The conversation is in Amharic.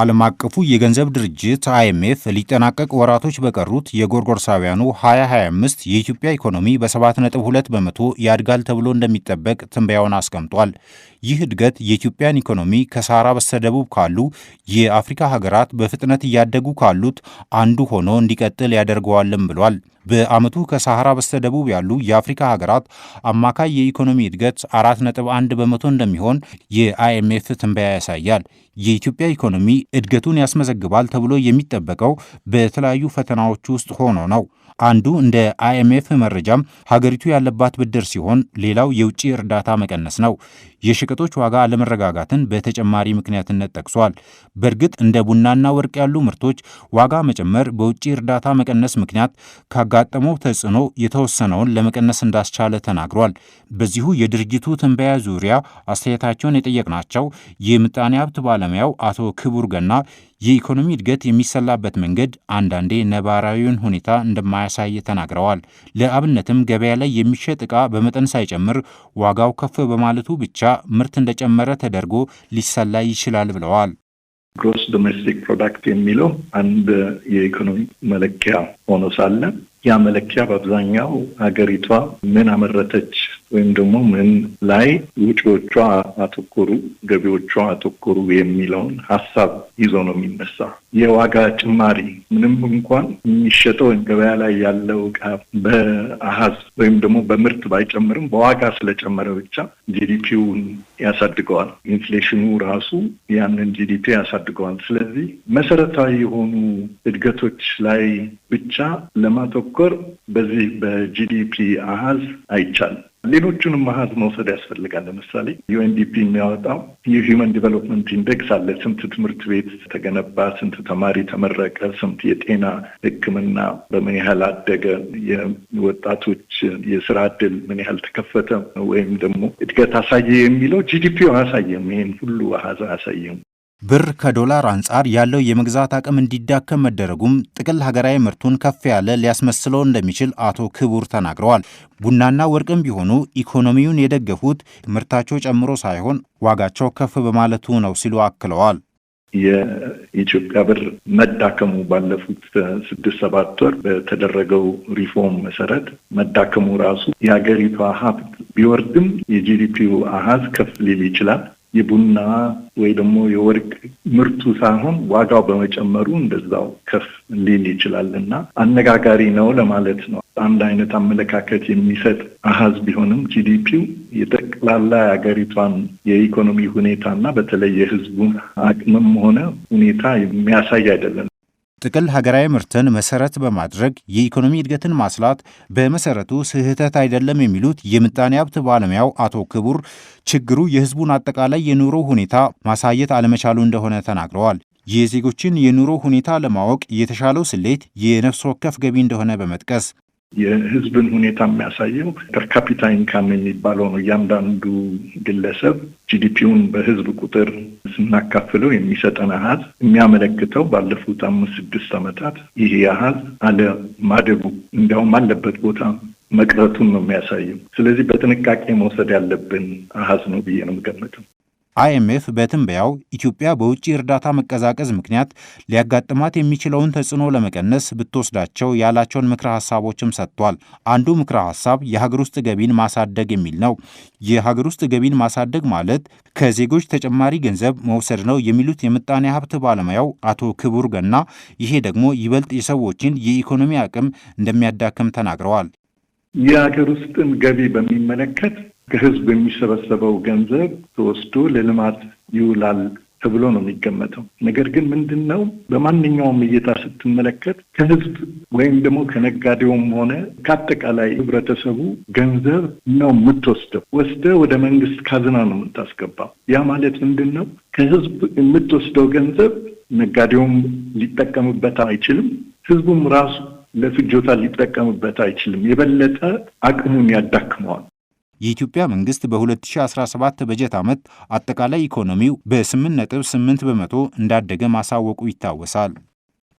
ዓለም አቀፉ የገንዘብ ድርጅት አይኤምኤፍ ሊጠናቀቅ ወራቶች በቀሩት የጎርጎርሳውያኑ 2025 የኢትዮጵያ ኢኮኖሚ በ7.2 በመቶ ያድጋል ተብሎ እንደሚጠበቅ ትንበያውን አስቀምጧል። ይህ እድገት የኢትዮጵያን ኢኮኖሚ ከሳራ በስተደቡብ ካሉ የአፍሪካ ሀገራት በፍጥነት እያደጉ ካሉት አንዱ ሆኖ እንዲቀጥል ያደርገዋልም ብሏል። በዓመቱ ከሳሐራ በስተደቡብ ያሉ የአፍሪካ ሀገራት አማካይ የኢኮኖሚ እድገት 4.1 በመቶ እንደሚሆን የአይኤምኤፍ ትንበያ ያሳያል። የኢትዮጵያ ኢኮኖሚ እድገቱን ያስመዘግባል ተብሎ የሚጠበቀው በተለያዩ ፈተናዎች ውስጥ ሆኖ ነው። አንዱ እንደ አይኤምኤፍ መረጃም ሀገሪቱ ያለባት ብድር ሲሆን ሌላው የውጭ እርዳታ መቀነስ ነው። የሸቀጦች ዋጋ አለመረጋጋትን በተጨማሪ ምክንያትነት ጠቅሷል። በእርግጥ እንደ ቡናና ወርቅ ያሉ ምርቶች ዋጋ መጨመር በውጭ እርዳታ መቀነስ ምክንያት ካጋጠመው ተጽዕኖ የተወሰነውን ለመቀነስ እንዳስቻለ ተናግሯል። በዚሁ የድርጅቱ ትንበያ ዙሪያ አስተያየታቸውን የጠየቅናቸው የምጣኔ ሀብት ባለሙያው አቶ ክቡር ገና የኢኮኖሚ እድገት የሚሰላበት መንገድ አንዳንዴ ነባራዊውን ሁኔታ እንደማያ እንደሚያሳይ ተናግረዋል። ለአብነትም ገበያ ላይ የሚሸጥ ዕቃ በመጠን ሳይጨምር ዋጋው ከፍ በማለቱ ብቻ ምርት እንደጨመረ ተደርጎ ሊሰላ ይችላል ብለዋል። ግሮስ ዶሜስቲክ ፕሮዳክት የሚለው አንድ የኢኮኖሚ መለኪያ ሆኖ ሳለ ያ መለኪያ በአብዛኛው ሀገሪቷ ምን አመረተች ወይም ደግሞ ምን ላይ ውጪዎቿ አተኮሩ፣ ገቢዎቿ አተኮሩ የሚለውን ሀሳብ ይዞ ነው የሚነሳ። የዋጋ ጭማሪ ምንም እንኳን የሚሸጠው ገበያ ላይ ያለው እቃ በአሀዝ ወይም ደግሞ በምርት ባይጨምርም በዋጋ ስለጨመረ ብቻ ጂዲፒውን ያሳድገዋል። ኢንፍሌሽኑ ራሱ ያንን ጂዲፒ ያሳድገዋል። ስለዚህ መሰረታዊ የሆኑ እድገቶች ላይ ብቻ ለማተኮር በዚህ በጂዲፒ አሀዝ አይቻልም። ሌሎቹንም መሀዝ መውሰድ ያስፈልጋል። ለምሳሌ ዩኤንዲፒ የሚያወጣው የሂውመን ዲቨሎፕመንት ኢንዴክስ አለ። ስንት ትምህርት ቤት ተገነባ፣ ስንት ተማሪ ተመረቀ፣ ስንት የጤና ሕክምና በምን ያህል አደገ፣ የወጣቶች የስራ እድል ምን ያህል ተከፈተ፣ ወይም ደግሞ እድገት አሳየ የሚለው ጂዲፒ አያሳየም። ይህን ሁሉ አሀዝ አያሳየም። ብር ከዶላር አንጻር ያለው የመግዛት አቅም እንዲዳከም መደረጉም ጥቅል ሀገራዊ ምርቱን ከፍ ያለ ሊያስመስለው እንደሚችል አቶ ክቡር ተናግረዋል። ቡናና ወርቅም ቢሆኑ ኢኮኖሚውን የደገፉት ምርታቸው ጨምሮ ሳይሆን ዋጋቸው ከፍ በማለቱ ነው ሲሉ አክለዋል። የኢትዮጵያ ብር መዳከሙ ባለፉት ስድስት ሰባት ወር በተደረገው ሪፎርም መሰረት መዳከሙ ራሱ የሀገሪቷ ሀብት ቢወርድም የጂዲፒው አሀዝ ከፍ ሊል ይችላል። የቡና ወይ ደግሞ የወርቅ ምርቱ ሳይሆን ዋጋው በመጨመሩ እንደዛው ከፍ ሊል ይችላል እና አነጋጋሪ ነው ለማለት ነው። አንድ አይነት አመለካከት የሚሰጥ አሃዝ ቢሆንም ጂዲፒው የጠቅላላ የሀገሪቷን የኢኮኖሚ ሁኔታ እና በተለይ የህዝቡን አቅምም ሆነ ሁኔታ የሚያሳይ አይደለም። ጥቅል ሀገራዊ ምርትን መሰረት በማድረግ የኢኮኖሚ እድገትን ማስላት በመሰረቱ ስህተት አይደለም የሚሉት የምጣኔ ሀብት ባለሙያው አቶ ክቡር ችግሩ የህዝቡን አጠቃላይ የኑሮ ሁኔታ ማሳየት አለመቻሉ እንደሆነ ተናግረዋል። የዜጎችን የኑሮ ሁኔታ ለማወቅ የተሻለው ስሌት የነፍስ ወከፍ ገቢ እንደሆነ በመጥቀስ የህዝብን ሁኔታ የሚያሳየው ፐርካፒታ ኢንካም የሚባለው ነው። እያንዳንዱ ግለሰብ ጂዲፒውን በህዝብ ቁጥር ስናካፍለው የሚሰጠን አሀዝ የሚያመለክተው ባለፉት አምስት ስድስት ዓመታት ይሄ አሀዝ አለ ማደጉ እንዲያውም አለበት ቦታ መቅረቱን ነው የሚያሳየው። ስለዚህ በጥንቃቄ መውሰድ ያለብን አሀዝ ነው ብዬ ነው የምገምተው። አይኤምኤፍ በትንበያው ኢትዮጵያ በውጭ እርዳታ መቀዛቀዝ ምክንያት ሊያጋጥማት የሚችለውን ተጽዕኖ ለመቀነስ ብትወስዳቸው ያላቸውን ምክረ ሀሳቦችም ሰጥቷል። አንዱ ምክረ ሀሳብ የሀገር ውስጥ ገቢን ማሳደግ የሚል ነው። የሀገር ውስጥ ገቢን ማሳደግ ማለት ከዜጎች ተጨማሪ ገንዘብ መውሰድ ነው የሚሉት የምጣኔ ሀብት ባለሙያው አቶ ክቡር ገና፣ ይሄ ደግሞ ይበልጥ የሰዎችን የኢኮኖሚ አቅም እንደሚያዳክም ተናግረዋል። የሀገር ውስጥን ገቢ በሚመለከት ከህዝብ የሚሰበሰበው ገንዘብ ተወስዶ ለልማት ይውላል ተብሎ ነው የሚገመተው። ነገር ግን ምንድን ነው በማንኛውም እይታ ስትመለከት ከህዝብ ወይም ደግሞ ከነጋዴውም ሆነ ከአጠቃላይ ህብረተሰቡ ገንዘብ ነው የምትወስደው። ወስደ ወደ መንግስት ካዝና ነው የምታስገባው። ያ ማለት ምንድን ነው? ከህዝብ የምትወስደው ገንዘብ ነጋዴውም ሊጠቀምበት አይችልም። ህዝቡም ራሱ ለፍጆታ ሊጠቀምበት አይችልም። የበለጠ አቅሙን ያዳክመዋል። የኢትዮጵያ መንግስት በ2017 በጀት ዓመት አጠቃላይ ኢኮኖሚው በ8.8 በመቶ እንዳደገ ማሳወቁ ይታወሳል።